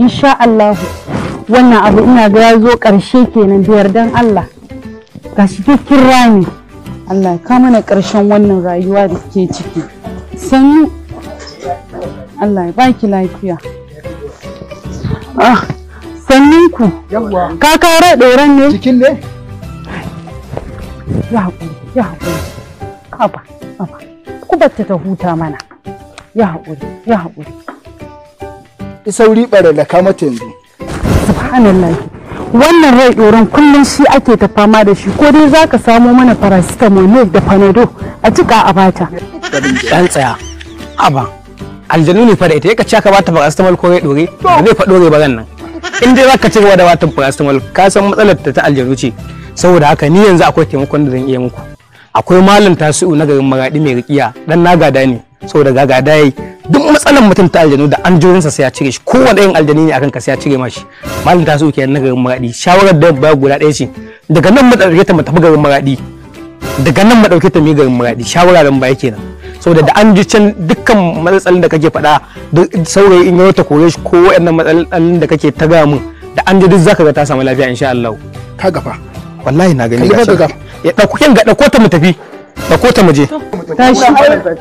insha Allah wannan abu ina ga ya zo ƙarshe kenan da yardan Allah ga shi kin rami Allah ka mana ƙarshen wannan rayuwa da ke ciki sannu Allah ya baki lafiya ah sannin ku ka kare ɗoran ne cikin ne ya haƙuri ya haƙuri haba ba ku batta ta huta mana ya haƙuri ya haƙuri sauri bare da kama yanzu subhanallah wannan rai doron kullum shi ake ta fama da shi ko dai zaka samo mana paracetamol ne da panado a cika a bata dan tsaya aba aljanu ne fa da ita yaka ci aka bata paracetamol ko rai dore ba zai faɗo rai ba nan in dai zaka ci gaba da bata paracetamol ka san matsalar ta ta aljanu ce saboda haka ni yanzu akwai taimakon da zan iya muku akwai malam tasi'u na garin maradi mai rikiya dan nagada ne saboda gagada yayi duk matsalan mutum ta aljanu da an jorinsa sai ya cire shi kowane yin aljani ne akan ka sai ya cire mashi malam ta so ke na garin maradi shawarar da ba guda ɗaya ce daga nan mu dauke ta mu tafi garin maradi daga nan mu dauke ta mi garin maradi shawara da mu yake kenan saboda da an ji can dukkan matsalolin da kake faɗa saurayi in yau ta kore shi ko waɗannan matsalolin da kake ta gaya mun da an ji duk zaka ga ta samu lafiya insha Allah ka gafa wallahi na gani ya dauko kin ga dauko ta mu tafi da ko ta muje tashi wannan ba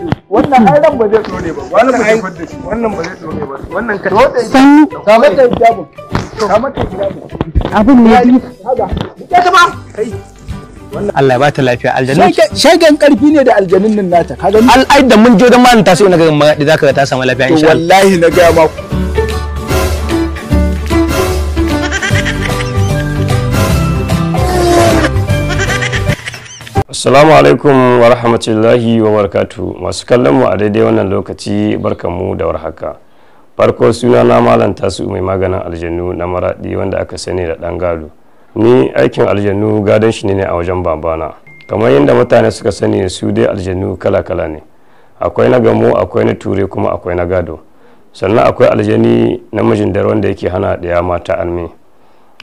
zai ne Allah bata lafiya aljanin shagen karfi ne da aljanin nan nata ka gani al'aidan mun je don malanta sai na ga da zaka ta samu lafiya insha Allah wallahi na ga ma Assalamu alaikum wa rahmatullahi wa barakatu masu kallon mu a daidai wannan lokaci barkamu da warhaka. Farko suna na malam tasu mai maganin aljannu na maradi wanda aka sani da ɗan gado. Ni aikin aljannu gadon shi ne a wajen babana. Kamar yadda mutane suka sani su dai aljannu kala-kala ne. Akwai na gamo, akwai na ture kuma akwai na gado. Sannan akwai aljani namijin dare wanda yake hana daya mata almi.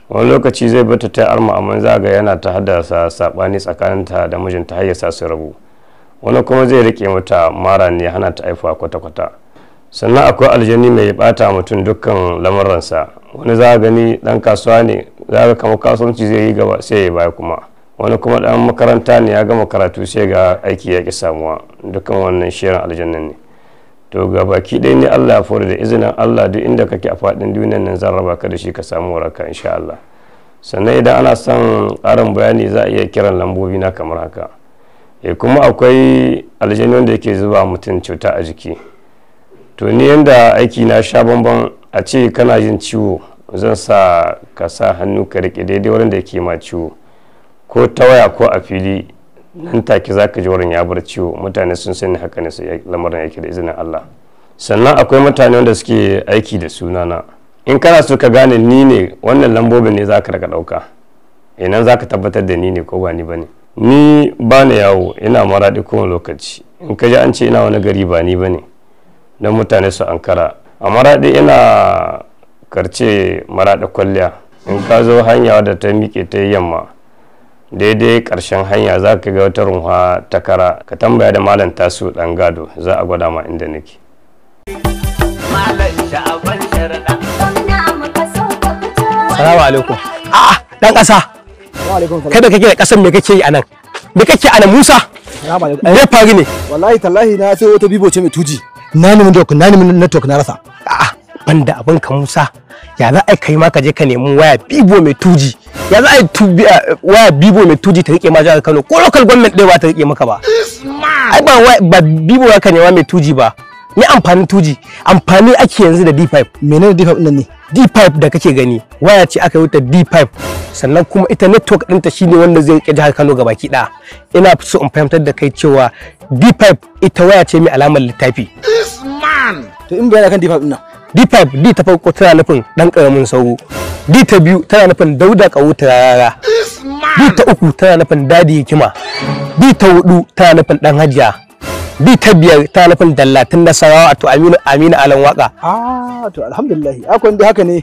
wani lokaci zai bata ta arma amma za ga yana ta haddasa sabani tsakaninta da mijinta har ya sa su rabu wani kuma zai rike mata mara ne hana ta aifuwa kwata-kwata sannan akwai aljani mai bata mutum dukkan lamuransa wani za gani dan kasuwa ne za ga kamar kasuwanci zai yi gaba sai ya baya kuma wani kuma dan makaranta ne ya gama karatu sai ga aiki ya ki samuwa dukkan wannan shirin aljannan ne to ga baki ɗaya ne Allah ya fara da izinin Allah duk inda kake a faɗin duniyar nan zan raba ka da shi ka samu waraka insha Allah sannan idan ana son ƙarin bayani za a iya kiran lambobi na kamar haka e kuma akwai aljani wanda yake zuba mutum cuta a jiki to ni yanda aiki na sha bamban a ce kana jin ciwo zan sa ka sa hannu ka riƙe daidai wurin da yake ma ciwo ko ta waya ko a fili nan take za ka ji wurin ya bar ciwo mutane sun sani haka ne lamarin yake da izinin Allah sannan akwai mutane wanda suke aiki da sunana in kana so ka gane ni ne wannan lambobin ne za ka raka ɗauka inan za ka tabbatar da ni ne ko ba ni ba ne ni ba yawo ina maraɗi kowane lokaci in ka ji an ce ina wani gari ba ni ba ne don mutane su ankara a maraɗi ina karce maraɗa kwalliya in ka zo hanya da ta miƙe ta yi yamma daidai karshen hanya za ka ga wata runwa ta kara ka tambaya da malam tasu dan gado za a gwada ma inda nake salamu alaikum a'a dan kasa. kada kake da kasan me kake yi anan me kake anan musa ne fari ne wallahi tallahi na sai wata bibo ce mai tuji na nemi dok na nemi mun network na rasa a'a banda abin ka Musa ya za a yi kai ma ka je ka nemi waya bibo mai tuji ya za a yi eh, waya bibo mai tuji ta rike ma jihar Kano ko local government ɗaya ba ta rike maka ba ai ba ba bibo ka nema mai tuji ba ni amfanin tuji amfani ake yanzu da D5 menene D5 din ne D5 da kake gani waya ce aka yi ta D5 sannan kuma ita network ɗinta shine wanda zai rike jihar Kano gabaki ɗaya ina so in fahimtar da kai cewa D5 ita waya ce mai alamar littafi to in bayana kan D5 din nan D5 D ta farko tana nufin dan karamin sauro. D ta biyu tana nufin dauda kawo tarara. D ta uku tana nufin dadi hikima. D ta hudu tana nufin dan hajiya. D ta biyar tana nufin dallatin nasarawa to Aminu Aminu Alan waka. Ah to alhamdulillah akwai haka ne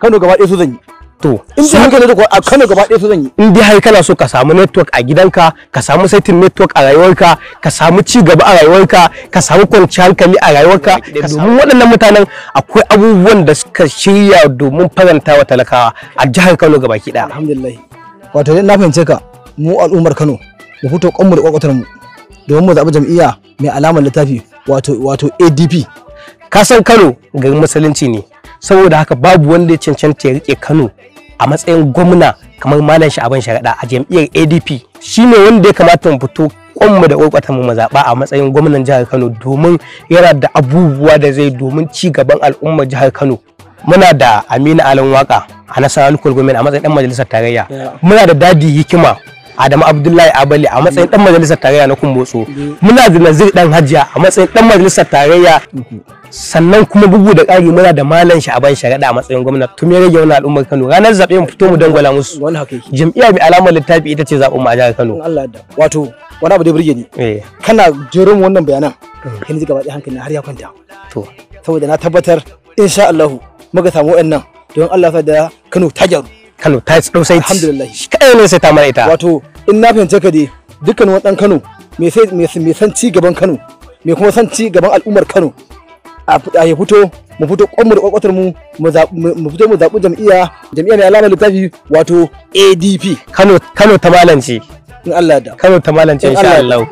Kano gaba ɗaya su zan yi. to in dai haka ne ko a Kano gaba ɗaya su zan yi in dai har kana so ka samu network a gidanka ka samu setting network a rayuwarka ka samu ci gaba a rayuwarka ka samu kwanciyar hankali a rayuwarka ka samu waɗannan mutanen akwai abubuwan da suka shirya domin faranta wa talakawa a jihar Kano gaba ki ɗaya alhamdulillah wato na fahimce ka mu al'ummar Kano mu fito kanmu da kwakwatar mu domin mu zaɓi jam'iyya mai alamar littafi wato wato ADP ka san Kano garin musulunci ne saboda haka babu wanda ya cancanta ya rike Kano a matsayin gwamna kamar malam sha'aban sharaɗa a jam'iyyar adp shi ne wanda ya kamata mu fito kwanmu da ƙwarƙwata mu mazaɓa a matsayin gwamnan jihar kano domin yana da abubuwa da zai domin ci gaban al'ummar jihar kano muna da amina alan waka a nasarar gwamnati a matsayin dan majalisar tarayya muna da dadi hikima Adamu Abdullahi Abali a matsayin dan majalisar tarayya na Kumbotso muna da Nazir dan Hajiya a matsayin dan majalisar tarayya sannan kuma bugu da ƙari muna da malam ban Sharaɗa a matsayin gwamnati tun ya rage wani al'ummar Kano ranar zaɓe mu fito mu dangwala musu jam'iyya mai alamar littafi ita ce zaɓen mu a jihar Kano Allah da wato wani abu da burge ni eh. kana jerin wannan bayanan yanzu gaba ɗaya hankali har ya kwanta to saboda na tabbatar insha Allah muka samu wannan don Allah da Kano ta jaru Kano ta dau sai alhamdulillah kai ne sai ta mara ita wato in na fahimce ka dai dukkan wani ɗan Kano mai san ci gaban Kano mai kuma san ci gaban al'ummar Kano a ya fito mu fito kwanmu da kwakwatar mu mu fito mu zaɓi jam'iyya jam'iyya mai alamar littafi wato ADP Kano ta malance in Allah da Kano ta malance sha Allah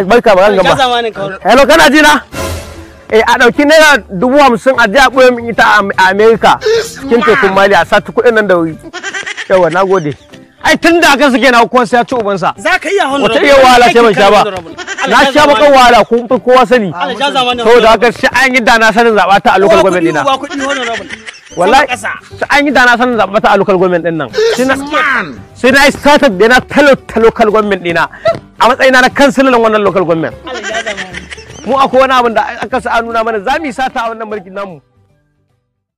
barka ba gamba hello kana ji eh a dauki naira dubu hamsin a jiya ɓoye min ita a america cikin tekun mali a sati kuɗin nan da wuri yawa na gode ai tun da aka suke na kowa sai ya ci ubansa za ka iya honorable wata iya wahala ce ban sha ba na sha bakan wahala kun fi kowa sani saboda haka sai an yi dana sanin zaɓa ta a local government ɗina wallahi sai an yi dana sanin zaɓa ta a local government ɗin nan sai na started da na talo talo local government ɗina a matsayina na kansilan wannan local government mu akwai wani abin da aka sa nuna mana za mu yi sata a wannan mulkin namu